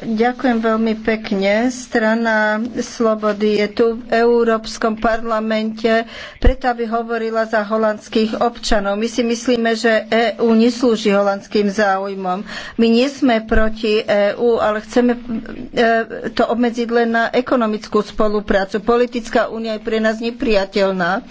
Ďakujem veľmi pekne. Strana Slobody je tu v Európskom parlamente, preto aby hovorila za holandských občanov. My si myslíme, že EÚ neslúži holandským záujmom. My nie sme proti EÚ, ale chceme e, to obmedziť len na ekonomickú spoluprácu. Politická únia je pre nás nepriateľná.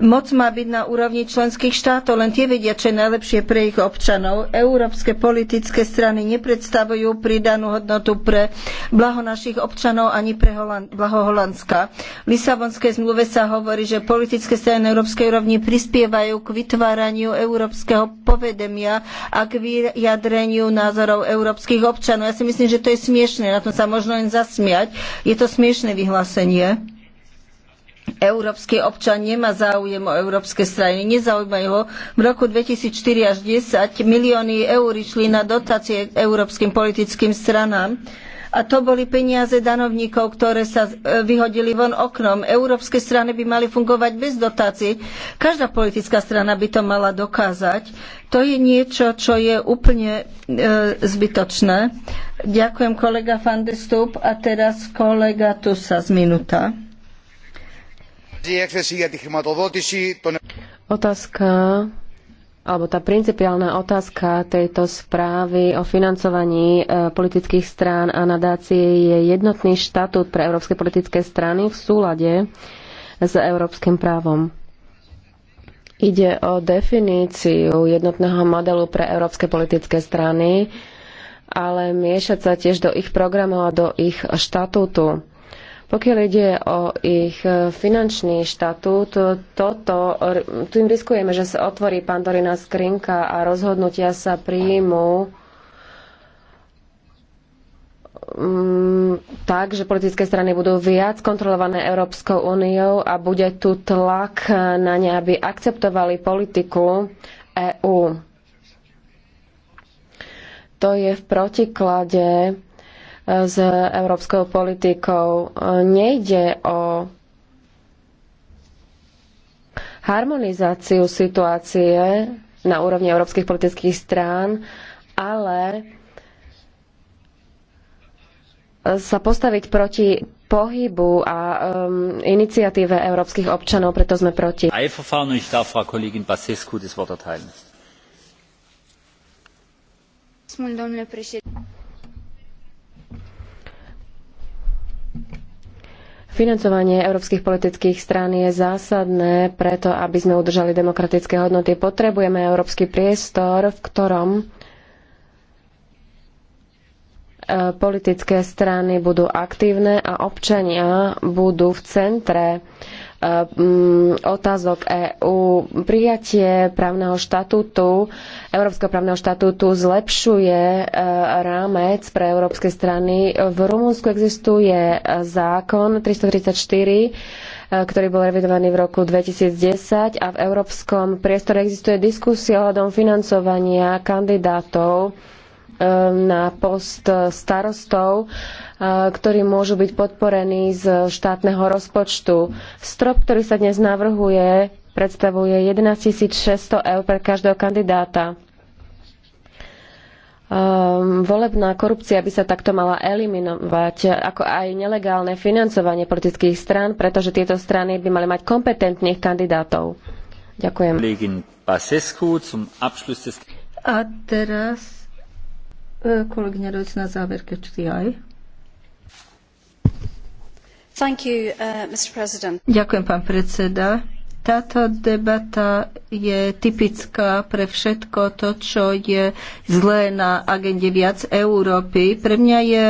Moc má byť na úrovni členských štátov, len tie vedia, čo je najlepšie pre ich občanov. Európske politické strany nepredstavujú pridanú hodnotu hodnotu pre blaho našich občanov ani pre Holand- blaho Holandska. V Lisabonskej zmluve sa hovorí, že politické strany na európskej úrovni prispievajú k vytváraniu európskeho povedemia a k vyjadreniu názorov európskych občanov. Ja si myslím, že to je smiešne, na tom sa možno len zasmiať. Je to smiešne vyhlásenie. Európsky občan nemá záujem o európske strany, nezaujímajú ho. V roku 2004 až 10 milióny eur išli na dotácie európskym politickým stranám. A to boli peniaze danovníkov, ktoré sa e, vyhodili von oknom. Európske strany by mali fungovať bez dotácií. Každá politická strana by to mala dokázať. To je niečo, čo je úplne e, zbytočné. Ďakujem kolega Fandestup a teraz kolega Tusa z Minuta. Otázka alebo tá principiálna otázka tejto správy o financovaní e, politických strán a nadácie je jednotný štatút pre európske politické strany v súlade s európskym právom. Ide o definíciu jednotného modelu pre európske politické strany, ale miešať sa tiež do ich programov a do ich štatútu. Pokiaľ ide o ich e, finančný štatút, e, to, tým riskujeme, že sa otvorí Pandorina skrinka a rozhodnutia sa príjmu mm, tak, že politické strany budú viac kontrolované Európskou úniou a bude tu tlak na ne, aby akceptovali politiku EÚ. To je v protiklade s európskou politikou. Nejde o harmonizáciu situácie na úrovni európskych politických strán, ale sa postaviť proti pohybu a um, iniciatíve európskych občanov, preto sme proti. Financovanie európskych politických strán je zásadné preto, aby sme udržali demokratické hodnoty. Potrebujeme európsky priestor, v ktorom e, politické strany budú aktívne a občania budú v centre Ehm, otázok EÚ. Prijatie právneho štatútu, Európskeho právneho štatútu zlepšuje e, rámec pre európske strany. V Rumunsku existuje e, zákon 334 e, ktorý bol revidovaný v roku 2010 a v európskom priestore existuje diskusia ohľadom financovania kandidátov Ehm, na post starostov, ehm, ktorí môžu byť podporení z štátneho rozpočtu. Strop, ktorý sa dnes navrhuje, predstavuje 11 600 eur pre každého kandidáta. Um, volebná korupcia by sa takto mala eliminovať, ako aj nelegálne financovanie politických strán, pretože tieto strany by mali mať kompetentných kandidátov. Ďakujem. A teraz Kolegyňa Rojc na záver, kečty aj. You, uh, Ďakujem, pán predseda. Táto debata je typická pre všetko to, čo je zlé na agende viac Európy. Pre mňa je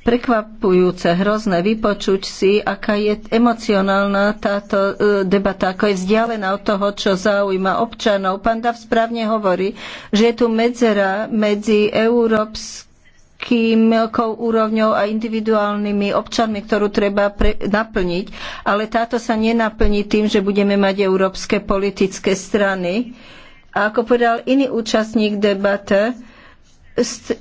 prekvapujúce, hrozné vypočuť si, aká je emocionálna táto e, debata, ako je vzdialená od toho, čo zaujíma občanov. Pán Dav správne hovorí, že je tu medzera medzi európskym úrovňou a individuálnymi občanmi, ktorú treba pre, naplniť, ale táto sa nenaplní tým, že budeme mať európske politické strany. A ako povedal iný účastník debate, st-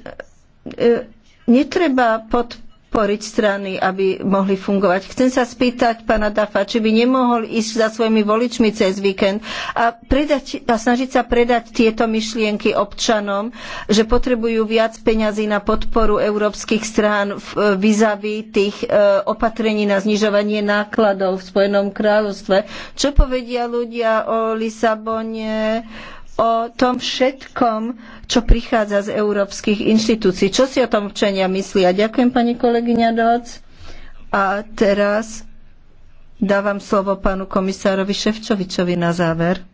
e netreba podporiť strany, aby mohli fungovať. Chcem sa spýtať pána Dafa, či by nemohol ísť za svojimi voličmi cez víkend a, predať, a snažiť sa predať tieto myšlienky občanom, že potrebujú viac peňazí na podporu európskych strán v e, vizavi tých e, opatrení na znižovanie nákladov v Spojenom kráľovstve. Čo povedia ľudia o Lisabone, o tom všetkom, čo prichádza z európskych inštitúcií. Čo si o tom občania myslia? Ďakujem, pani kolegyňa Doc. A teraz dávam slovo pánu komisárovi Ševčovičovi na záver.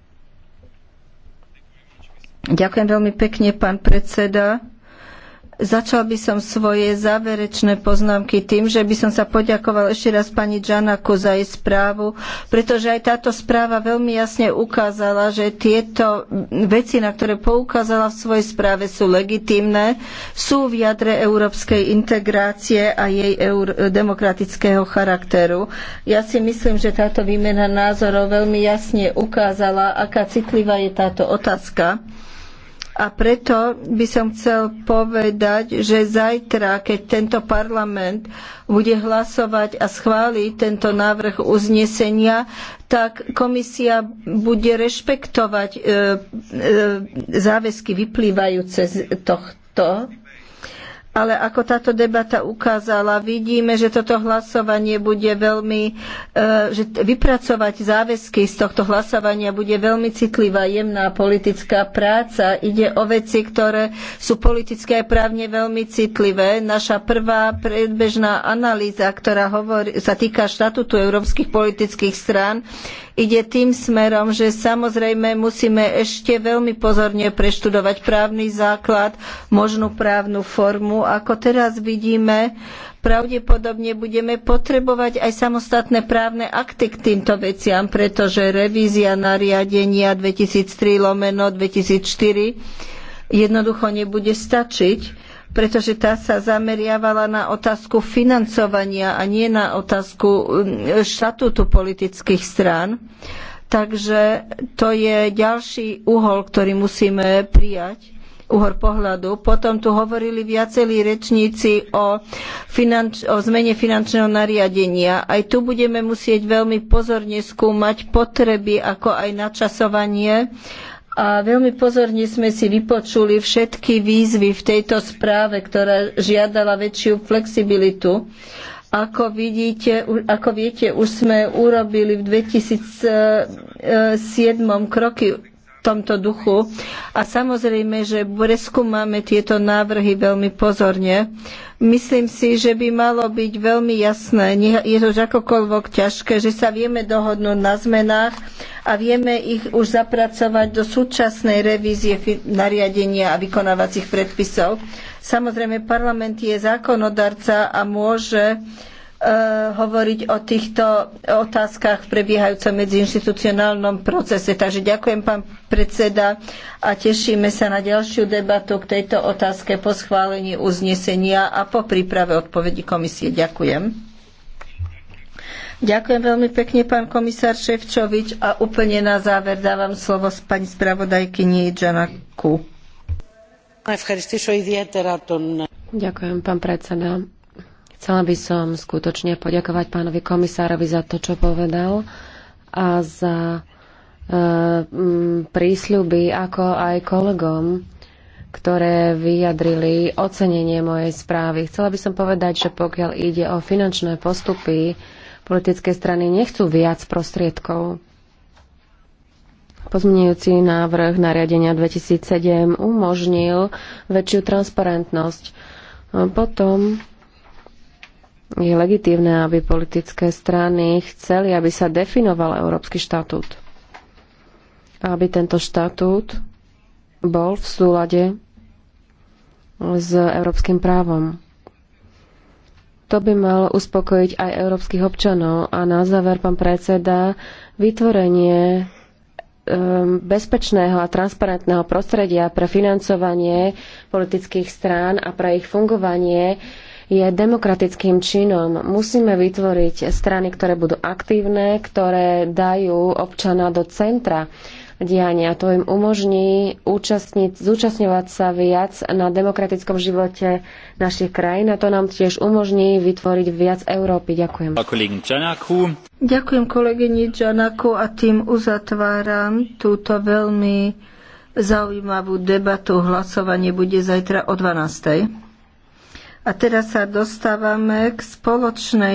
Ďakujem veľmi pekne, pán predseda. Začal by som svoje záverečné poznámky tým, že by som sa poďakoval ešte raz pani Džanaku za jej správu, pretože aj táto správa veľmi jasne ukázala, že tieto veci, na ktoré poukázala v svojej správe, sú legitímne, sú v jadre európskej integrácie a jej demokratického charakteru. Ja si myslím, že táto výmena názorov veľmi jasne ukázala, aká citlivá je táto otázka. A preto by som chcel povedať, že zajtra, keď tento parlament bude hlasovať a schváli tento návrh uznesenia, tak komisia bude rešpektovať e, e, záväzky vyplývajúce z tohto ale ako táto debata ukázala, vidíme, že toto hlasovanie bude veľmi, e, že vypracovať záväzky z tohto hlasovania bude veľmi citlivá, jemná politická práca. Ide o veci, ktoré sú politické a právne veľmi citlivé. Naša prvá predbežná analýza, ktorá hovorí, sa týka štatutu európskych politických strán, ide tým smerom, že samozrejme musíme ešte veľmi pozorne preštudovať právny základ, možnú právnu formu. Ako teraz vidíme, pravdepodobne budeme potrebovať aj samostatné právne akty k týmto veciam, pretože revízia nariadenia 2003 lomeno 2004 jednoducho nebude stačiť pretože tá sa zameriavala na otázku financovania a nie na otázku um, štatútu politických strán. Takže to je ďalší uhol, ktorý musíme prijať uhor pohľadu. Potom tu hovorili viacerí rečníci o, finanč, o zmene finančného nariadenia. Aj tu budeme musieť veľmi pozorne skúmať potreby, ako aj načasovanie a veľmi pozorne sme si vypočuli všetky výzvy v tejto správe, ktorá žiadala väčšiu flexibilitu. Ako, vidíte, ako viete, už sme urobili v 2007 kroky tomto duchu. A samozrejme, že preskúmame máme tieto návrhy veľmi pozorne. Myslím si, že by malo byť veľmi jasné, je to už akokoľvek ťažké, že sa vieme dohodnúť na zmenách a vieme ich už zapracovať do súčasnej revízie nariadenia a vykonávacích predpisov. Samozrejme, parlament je zákonodarca a môže E, hovoriť o týchto otázkach v prebiehajúcom medziinstitucionálnom procese. Takže ďakujem, pán predseda, a tešíme sa na ďalšiu debatu k tejto otázke po schválení uznesenia a po príprave odpovedí komisie. Ďakujem. Ďakujem veľmi pekne, pán komisár Ševčovič. A úplne na záver dávam slovo s pani spravodajkyni Janaku. Ďakujem, pán predseda. Chcela by som skutočne poďakovať pánovi komisárovi za to, čo povedal a za e, prísľuby, ako aj kolegom, ktoré vyjadrili ocenenie mojej správy. Chcela by som povedať, že pokiaľ ide o finančné postupy, politické strany nechcú viac prostriedkov. Pozmenujúci návrh nariadenia 2007 umožnil väčšiu transparentnosť. Potom je legitívne, aby politické strany chceli, aby sa definoval Európsky štatút. Aby tento štatút bol v súlade s európskym právom. To by malo uspokojiť aj európskych občanov. A na záver, pán predseda, vytvorenie ehm, bezpečného a transparentného prostredia pre financovanie politických strán a pre ich fungovanie je demokratickým činom. Musíme vytvoriť strany, ktoré budú aktívne, ktoré dajú občana do centra diania. To im umožní účastniť, zúčastňovať sa viac na demokratickom živote našich krajín a to nám tiež umožní vytvoriť viac Európy. Ďakujem. Ďakujem kolegyni Čanaku a tým uzatváram túto veľmi zaujímavú debatu. Hlasovanie bude zajtra o 12. A teraz sa dostávame k spoločnej